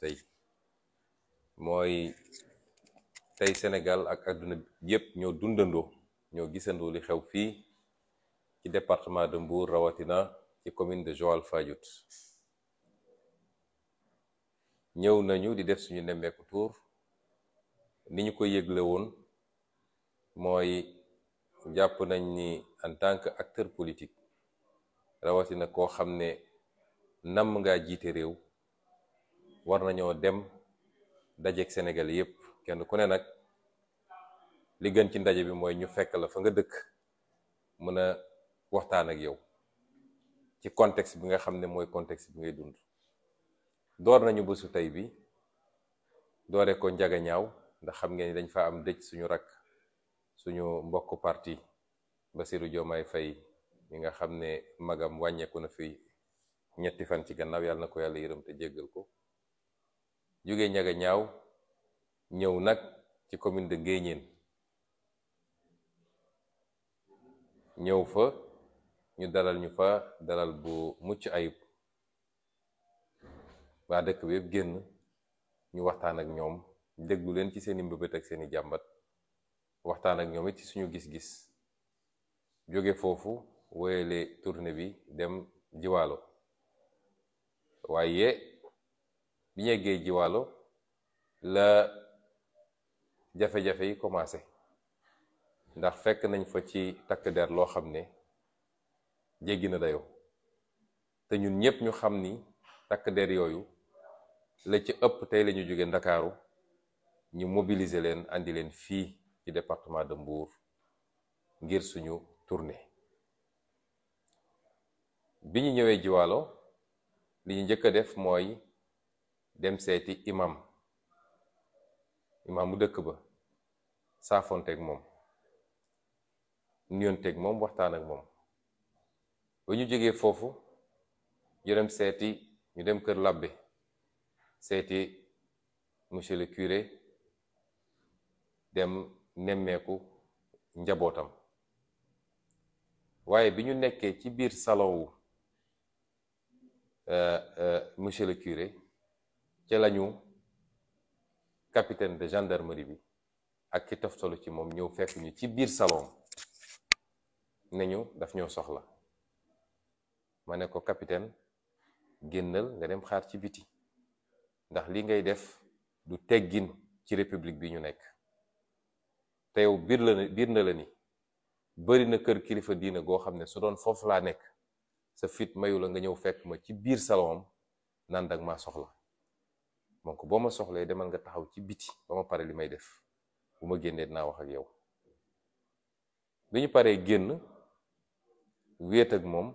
tey mooy tey senegal ak àdduna yépp ñoo dundandoo ñoo gisandoo li xew fii ci département de Mbour rawatina ci commune de Joal Fadiouth ñëw nañu di def suñu nemmeeku tour ni ko yëgle woon mooy jàpp nañ ni en tant que acteur politique rawatina koo xam ne namm ngaa jiite réew war nañoo dem dajeeg Sénégal yëpp kenn ku ne nag li gën ci ndaje bi mooy ñu fekk la fa nga dëkk mën a waxtaan ak yow ci contexte bi nga xam ne mooy contexte bi ngay dund door nañu bésu tey bi doore ko njaga ñaaw ndax xam ngeen ni dañ fa am dëj suñu rakk suñu mbokk parti Bassirou Diomaye Faye mi nga xam ne magam wàññeeku na fi ñetti fan ci gannaaw yàlla na ko yàlla yërëm te jéggal ko jóge ñaga ñaaw ñëw nag ci commune de Guédiène ñëw fa ñu dalal ñu fa dalal bu mucc ayib waa dëkk bi yëpp génn ñu waxtaan ak ñoom déglu leen ci seeni mbëbët ak seeni jàmbat waxtaan ak ñoom it ci suñu gis-gis jóge foofu woyale tournée bi dem jiwaalo waaye bi ñu eggee jiwaalo la jafe-jafe yi commencé ndax fekk nañ fa ci takk der loo xam ne jéggi na dayoo te ñun ñëpp ñu xam ni takk der yooyu la ci ëpp tey lañu jóge ndakaaru ñu mobiliser leen andi leen fii ci département de Mbour ngir suñu tournée bi ñu ñëwee jiwaalo li ñu njëkk a def mooy dem seeti imam imam bu dëkk ba saafonteeg moom nuyonteeg moom waxtaan ak moom ba ñu jógee foofu ñu dem seeti ñu dem kër labbe seeti monsieur le dem nemmeeku njabootam waaye bi ñu nekkee ci biir salon wu euh, euh, monsieur le curé ca la capitaine de gendarmerie bi ak ki toftalu ci moom ñëw fekk ñu ci biir salon ne ñu daf ñoo soxla ma ne ko capitaine génnal nga dem xaar ci biti ndax li ngay def du teggin ci république bi ñu nekk te yow biir na la ni bari na kër kilifa diina goo xam ne su doon foofu laa nekk sa fit mayu la nga ñëw fekk ma ci biir salon am naan maa soxla donc boo ma soxlee demal nga taxaw ci biti ba ma pare li may def bu ma génnee dinaa wax ak yow bi ñu paree génn wéet ak moom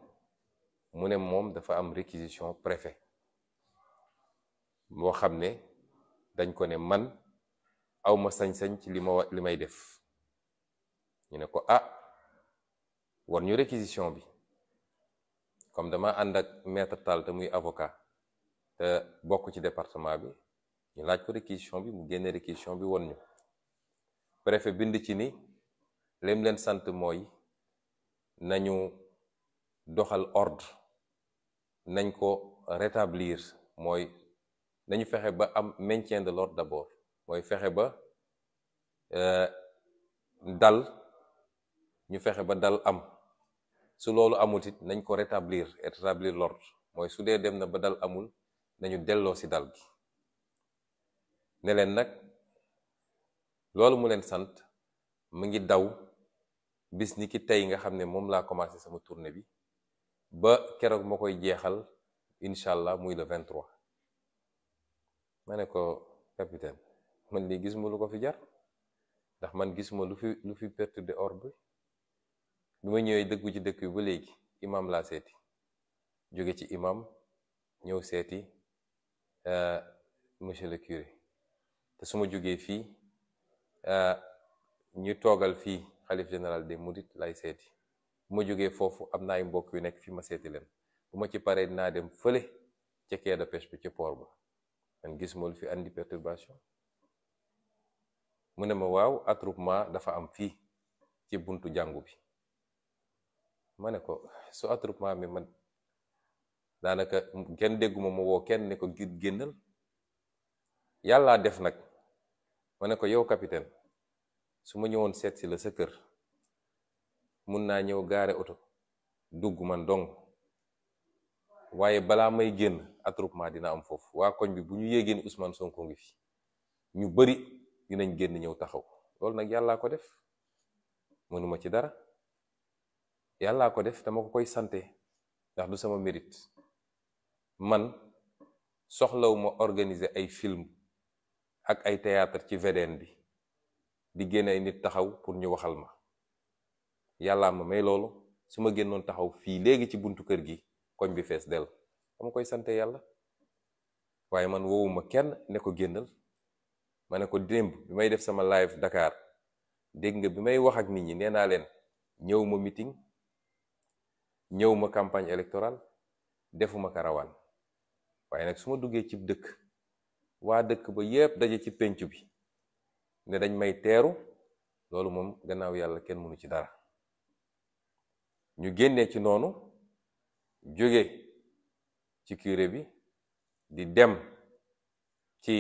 mu ne moom dafa am réquisition préfet moo xam ne dañ ko ne man awma sañ-sañ ci li ma li may def ñu ne ko ah war ñu réquisition bi comme dama ànd ak maître Tall te muy avocat bokk ci département bi ñu laaj ko réquisition bi mu génne réquisition bi won ñu préfet bind ci ni lim leen sant mooy nañu doxal ordre nañ ko rétablir mooy nañu fexe ba am maintien de l'ordre d'abord mooy fexe ba euh, dal ñu fexe ba dal am su loolu amul it nañ ko rétablir rétablir l'ordre mooy su dee dem na ba dal amul nañu delloo si dal gi ne leen nag loolu mu leen sant mu ngi daw bis ni ki tey nga xam ne moom laa commencé sama tournée bi ba keroog ma koy jeexal incha allah muy le 23 ma ne ko capitaine man lii gisuma lu ko fi jar ndax man gisuma lu fi lu fi de ordre bi ma ñëwee dëggu ci dëkk bi ba léegi imam laa seeti jóge ci imam ñëw seeti Euh, monsieur le curé te su ma jógee fii euh, ñu toogal fii xalif général de Mourides lay seeti bu ma jógee foofu am na ay mbokk yu nekk fi ma seeti leen bu ma ci paree dinaa dem fële ca quai de bi ci port bu man gis ma fi andi perturbation mu ne ma waaw attroupement dafa am fii ci buntu jàngu bi ma ne ko su attroupement mi daanaka kenn dégguma mu woo kenn ne ko génnal yàllaa def nag ma ne ko yow capitaine su ma ñëwoon seet si la sa kër mun naa ñëw gaare oto dugg man dong waaye balaa may génn attroupement dina am foofu waa koñ bi bu ñu yéegee ni Ousmane sonkoo ngi fi ñu bari dinañ génn ñëw taxaw loolu nag yàllaa ko def mënuma ci dara yàllaa ko def dama ko koy sante ndax du sama mérite man soxlawu ma organiser ay film ak ay théâtre ci VDN bi di génne ay nit taxaw pour ñu waxal ma yàllaa ma may loolu su ma génnoon taxaw fii léegi ci buntu kër gi koñ bi fees dell dama koy sante yàlla waaye man wowuma kenn ne ko génnal ma ne ko démb bi may def sama live ndakaar dégg nga bi may wax ak nit ñi nee naa leen ñëw ma meeting ñëw ma campagne électorale defuma karawaan waaye nag su ma duggee cib dëkk waa dëkk ba yépp daje ci pénc bi ne dañ may teeru loolu moom gannaaw yàlla kenn mënu ci dara ñu génnee ci noonu jóge ci kiire bi di dem ci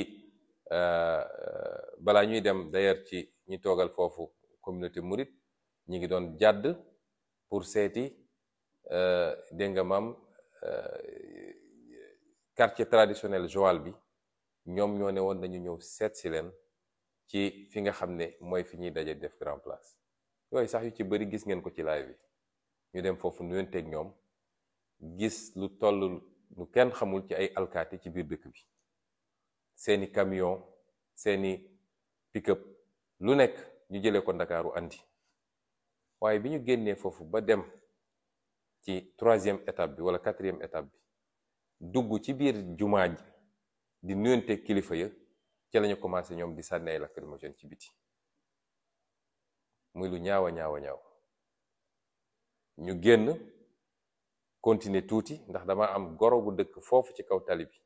euh, euh, balaa ñuy dem d'ailleurs ci ñi toogal foofu communauté murit ñi ngi doon jàdd pour seeti euh, dégg nga maam quartier traditionnel Joal bi ñoom ñoo ne woon nañu ñëw seet si leen ci fi nga xam ne mooy fi ñuy daje def grand place yooyu sax yu ci bari gis ngeen ko ci live bi ñu dem foofu nuyonteeg ñoom gis lu toll lu kenn xamul ci ay alkaati ci biir dëkk bi seeni camion seeni pick-up lu nekk ñu jëlee ko ndakaaru andi waaye bi ñu génnee foofu ba dem ci troisième étape bi wala quatrième étape bi dugg ci biir jumaa ji di nuyante kilifa ya ci lañu commencé ñoom di sànni ay lacrymogène ci biti muy lu ñaawa ñaawa ñaaw ñu génn continuer tuuti ndax dama am goro gu dëkk foofu ci kaw tali bi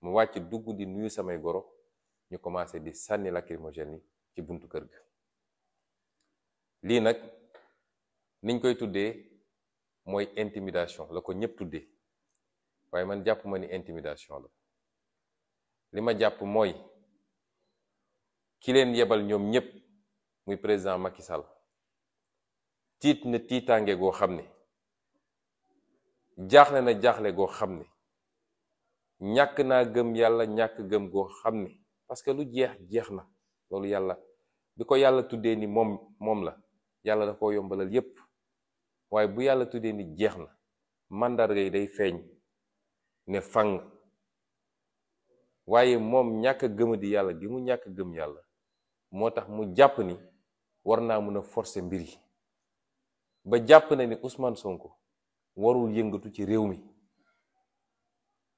mu wàcc dugg di nuyu samay goro ñu commencé di sànni lacrymogène yi ci buntu kër ga lii nag niñ koy tuddee mooy intimidation la ko ñëpp tuddee waaye man jàpp ma ni intimidation la li ma jàpp mooy ki leen yebal ñoom ñépp muy président Macky Sall tiit na tiitaange goo xam ne jaaxle na jaaxle goo xam ne ñàkk naa gëm yàlla ñàkk gëm goo xam ne parce que lu jeex jeex na loolu yàlla bi ko yàlla tuddee ni moom moom la yàlla da ko yombalal yépp waaye bu yàlla tuddee ni jeex na màndarga yi day feeñ ne fang waaye moom ñàkk a gëmadi yàlla gi mu ñàkk gëm yàlla moo tax mu jàpp ni war naa mën a forcer mbir ba jàpp na ni Ousmane Sonko warul yëngatu ci réew mi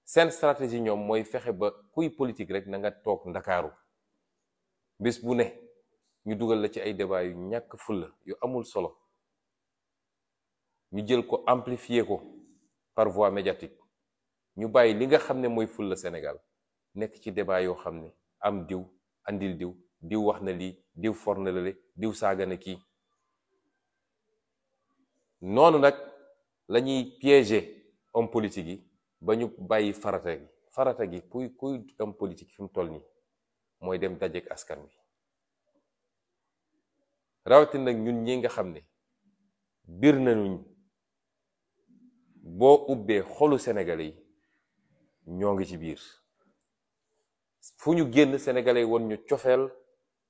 seen stratégie ñoom mooy fexe ba kuy politique rek na nga toog ndakaaru bis bu ne ñu dugal la ci ay débat yu ñàkk fulla yu amul solo ñu jël ko amplifier ko par voie médiatique ñu bàyyi li nga xam ne mooy fulla senegal nekk ci débat yoo xam ne am diw andil diw diw wax na lii diw for na lale diw saaga na kii noonu nag lañuy ñuy piéger homme politique yi ba ñu bàyyi farata gi farata gi kuy kuy homme politique fi toll nii mooy dem dajeek askan wi rawatina ñun ñi nga xam ne biir nañu boo ubbee xolu Sénégalais yi ñoo ngi ci biir fu ñu génn yi woon ñu cofeel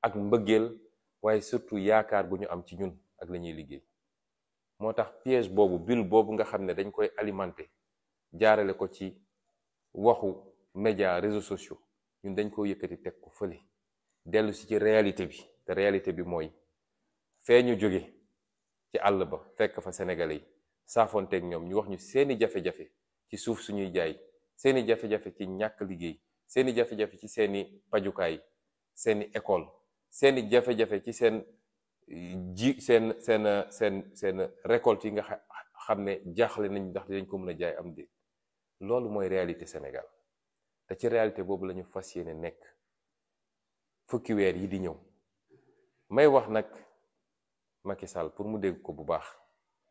ak mbëggeel waaye surtout yaakaar gu ñu am ci ñun ak la ñuy liggéey moo tax piège boobu bulle boobu nga xam ne dañ koy alimenté jaarale ko ci waxu média réseaux sociaux ñun dañ koy yëkkati teg ko fële dellu si ci réalité bi te réalité bi mooy feeñu jóge ci àll ba fekk fa sénégalais yi saafoonteeg ñoom ñu wax ñu seeni jafe-jafe ci suuf suñuy jaay seen i jafe-jafe ci ñàkk liggéey seen i jafe-jafe ci seen i pajukaay seen i école seen i jafe-jafe ci seen ji seen seen seen seen récolte yi nga xam ne jaaxle nañ ndax dañ ko mën a jaay am déet loolu mooy réalité Sénégal te ci réalité boobu la ñu fas yéene nekk fukki weer yi di ñëw may wax nag Macky Sall pour mu dégg ko bu baax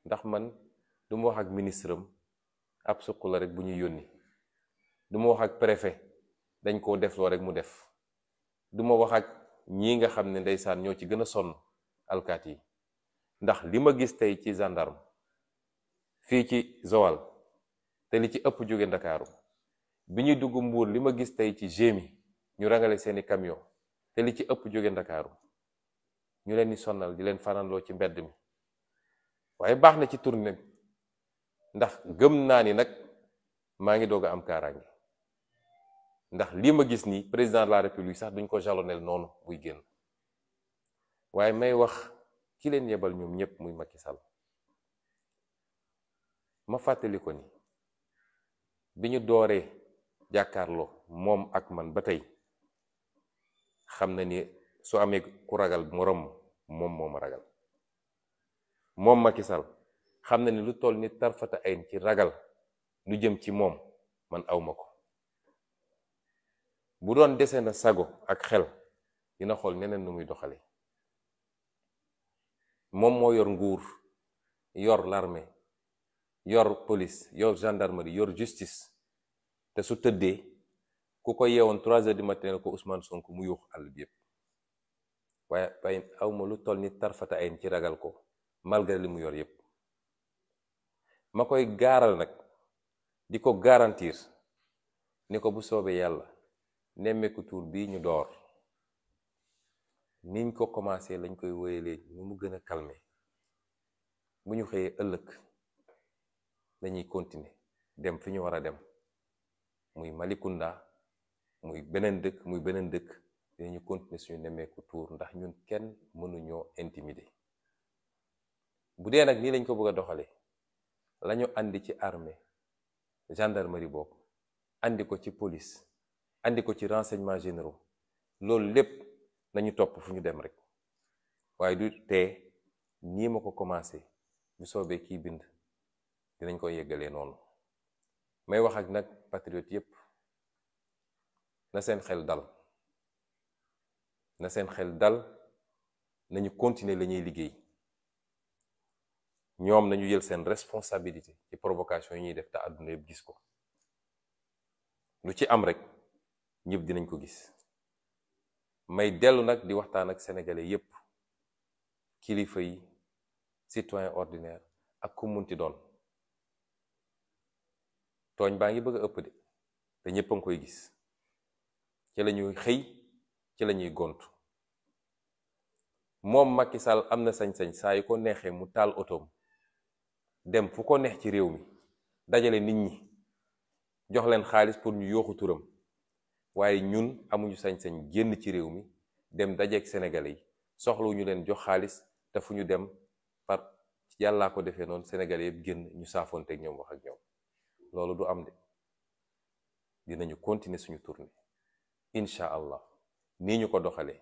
ndax man du ma wax ak ministre am ab suq la rek bu ñuy yónni du ma wax ak préfet dañ koo def rek mu def duma wax ak ñii nga xam ne ndeysaan ñoo ci gën a sonn alkaat yi ndax li ma gis tey ci gendarme fii ci Joal te li ci ëpp jóge ndakaaru bi ñuy dugg mbuur li ma gis tey ci gémi ñu rangale seeni camion te li ci ëpp jóge ndakaaru ñu leen di sonnal di leen fanaanloo ci mbedd mi waaye baax na ci tournée ndax gëm naa ni nag maa ngi doog a am kaaraange ndax lii ma gis nii président de la république sax duñ ko jalonel noonu buy génn waaye may wax ki leen yebal ñoom ñépp muy Macky Sall ma fàttali ko ni bi ñu dooree jàkkaarloo moom ak man ba tey xam na ni su amee ku ragal moroom moom moo ma ragal moom Macky Sall xam na ni lu toll ni tarfata ayn ci ragal lu jëm ci moom man awma ko bu doon desee na sago ak xel dina xool neneen lu muy doxale moom moo yor nguur yor larme yor police yor gendarmerie yor justice te su tëddee ku ko yeewoon trois heures du matin ko Ousmane Sonko mu yuux àll bi waaye waaye awma lu toll ni tarfata ayn ci ragal ko malgré li mu yor yëpp ma koy gaaral nag di ko garantir ni ko bu soobee yàlla nemmeeku tuur bii ñu door niñ ko commencé lañ koy wéyalee nu mu gën a calmé bu ñu xëyee ëllëg dañuy continuer dem fi ñu war a dem muy Malicounda muy beneen dëkk muy beneen dëkk dinañu continuer suñu nemmeeku tuur ndax ñun kenn mënuñoo intimider bu dee nag nii lañ ko bëgg a doxalee lañu andi ci armée gendarmerie boobu andi ko ci police indi ko ci renseignement généraux loolu lépp nañu topp fu ñu dem rek waaye du tee nii ma ko commencé ñu soobee kii bind dinañ ko yeggalee noonu may wax ak nag patriote yépp na seen xel dal na seen xel dal nañu continuer la ñuy liggéey ñoom nañu jël seen responsabilité ci provocation yi ñuy def te àdduna yépp gis ko lu ci am rek ñëpp dinañ ko gis may dellu nag di waxtaan ak sénégalais yépp kilifa yi citoyen ordinaire ak ku munti doon tooñ baa ngi bëgg a ëpp de te ñëpp ngi koy gis ci la ñuy xëy ci lañuy ñuy gont moom Macky Sall am na sañ-sañ saa yu ko neexee mu taal otoom dem fu ko neex ci réew mi dajale nit ñi jox leen xaalis pour ñu yooxu turam waaye ñun amuñu sañ-sañ génn ci réew mi dem dajeeg sénégalais yi ñu leen jox xaalis te ñu dem par yàllaa ko defee noonu sénégalais yëpp génn ñu saafoonteeg ñoom wax ak ñoom loolu du am de dinañu continuer suñu tournée incha allah nii ñu ko doxalee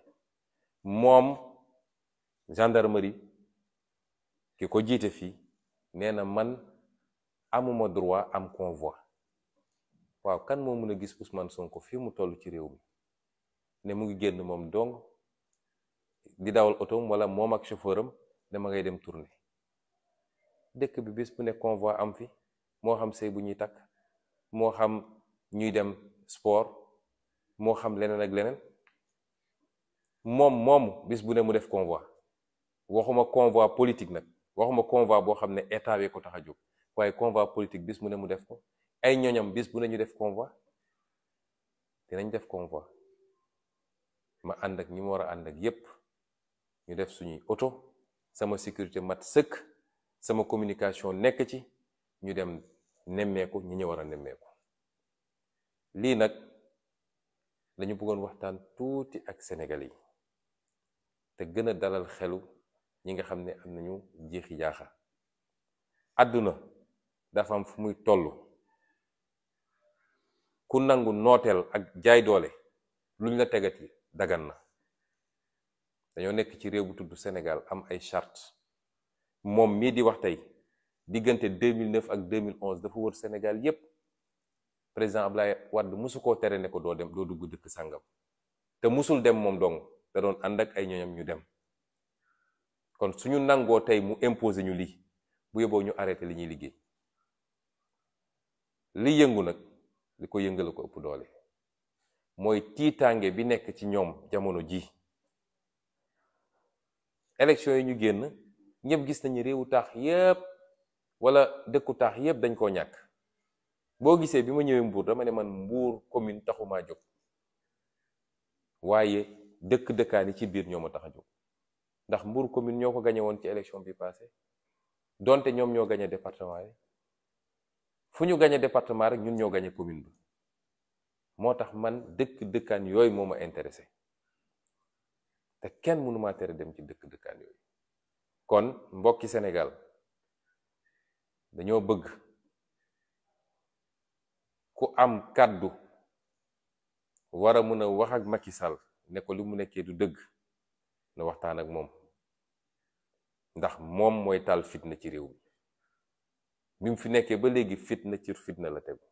moom gendarmerie ki ko jiite fii nee na man amuma droit am convoi waaw kan moo mën a gis Ousmane Sonko fii mu tollu ci réew mi ne mu ngi génn moom dong di dawal otoom walla moom ak chauffeur am dama ngay dem tournée dëkk bi bis bu ne convoi am fi moo xam sëy bu ñuy takk moo xam ñuy dem sport moo xam leneen ak leneen moom moom bis bu ne mu def convoi waxuma convoi politique nag waxuma convoi boo xam ne état bi ko tax a jóg waaye convoi politique bis mu ne mu def ko ay ñoñam bis bu ne ñu def convoi dinañ def convoi ma ànd ak ñi ma war a ànd ak yépp ñu def suñuy oto sama sécurité mat sëkk sama communication nekk ci ñu dem nemmeeku ñi ñu war a nemmeeku lii nag lañu bëggoon waxtaan tuuti ak Sénégalais yi te gën a dalal xelu ñi nga xam ne am nañu jeexi jaaxa àdduna dafa am fu muy tollu ku nangu nooteel ak jaay doole luñ la tegati dagan na dañoo nekk ci réew bu tudd Sénégal am ay charte moom mii di wax tey diggante 2009 ak 2011 dafa wër Sénégal yépp président Ablaye Wade mosu koo tere ne ko doo dem doo dugg dëkk sàngam te musul dem moom dong da doon ànd ak ay ñoñam ñu dem kon suñu nangoo tey mu imposer ñu lii bu yóbboo ñu arrêté li ñuy liggéey li yëngu nag li ko yëngale ko ëpp doole mooy tiitaange bi nekk ci ñoom jamono jii élection yi ñu génn ñëpp gis nañu réewu taax yépp wala dëkku taax yépp dañ koo ñàkk boo gisee bi ma ñëwee Mbour dama ne man Mbour commune taxumaa jóg waaye dëkk dëkkaan yi ci biir ñoom a tax a jóg ndax Mbour commune ñoo ko gañe woon ci élection bi passé donte ñoom ñoo gañe département yi fu ñu gañe département rek ñun ñoo gañe commune ba moo tax man dëkk dëkkaan yooyu moom ma intéressé te kenn mënumaa tere dem ci dëkk dëkkaan yooyu kon mbokki Sénégal dañoo bëgg ku am kàddu war a mën a wax ak Macky Sall ne ko li mu nekkee du dëgg na waxtaan ak moom ndax moom mooy taal fitna ci réew mi bi mu fi nekkee ba léegi fitna ci fitna la tegu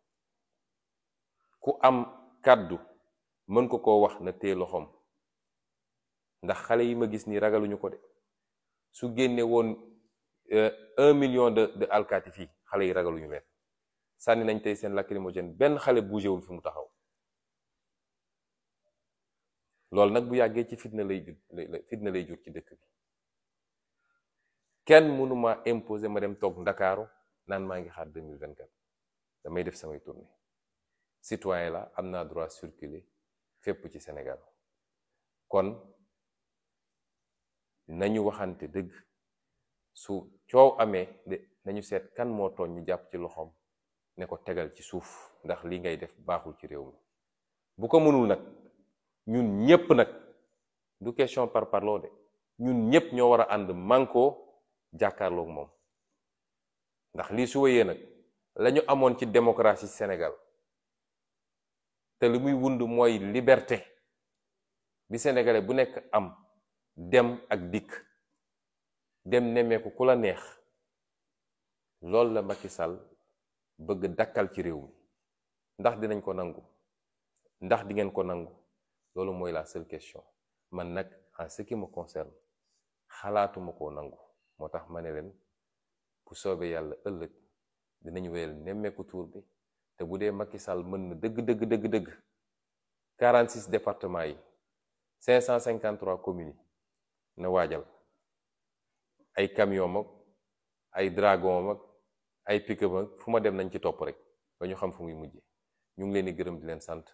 ku am kàddu mën ko koo wax na téye loxoom ndax xale yi ma gis nii ragaluñu ko de su génne woon euh, un million de de alkaati fii xale yi ragaluñu leen sànni nañ tey seen lacrymogène benn xale bougéwul fi mu taxaw loolu nag bu yàggee ci fitna lay jur fitna lay jur ci dëkk bi kenn mënuma imposer ma dem toog ndakaaru naan maa ngi xaar 2024 damay def samay tournée citoyen la am naa droit circuler fépp ci Sénégal kon nañu waxante dëgg su coow amee de nañu seet kan moo tooñ ñu jàpp ci loxoom ne ko tegal ci suuf ndax li ngay def baaxul ci réew mi bu ko mënul nag ñun ñépp nag du question par parloo de ñun ñépp ñoo war a ànd mànkoo jàkkaarloog moom ndax lii su yee nag lañu amoon ci démocratie Sénégal te li muy wund mooy liberté bi sénégalais bu nekk am dem ak dikk dem nemmeeku ku la neex loolu la Macky Sall bëgg dakkal ci réew mi ndax dinañ ko nangu ndax di ngeen ko nangu loolu mooy la seule question man nag en ce qui me xalaatuma koo nangu moo tax ma ne leen bu soobee yàlla ëllëg dinañu wéyal nemmeeku tuur bi te bu dee Macky Sall mën na dëgg dëgg dëgg dëgg 46 départements yi 553 communes yi na waajal ay camion mag ay dragon mag ay pick mag fu ma dem nañ ci topp rek ba ñu xam fu muy mujje ñu ngi leen di gërëm di leen sant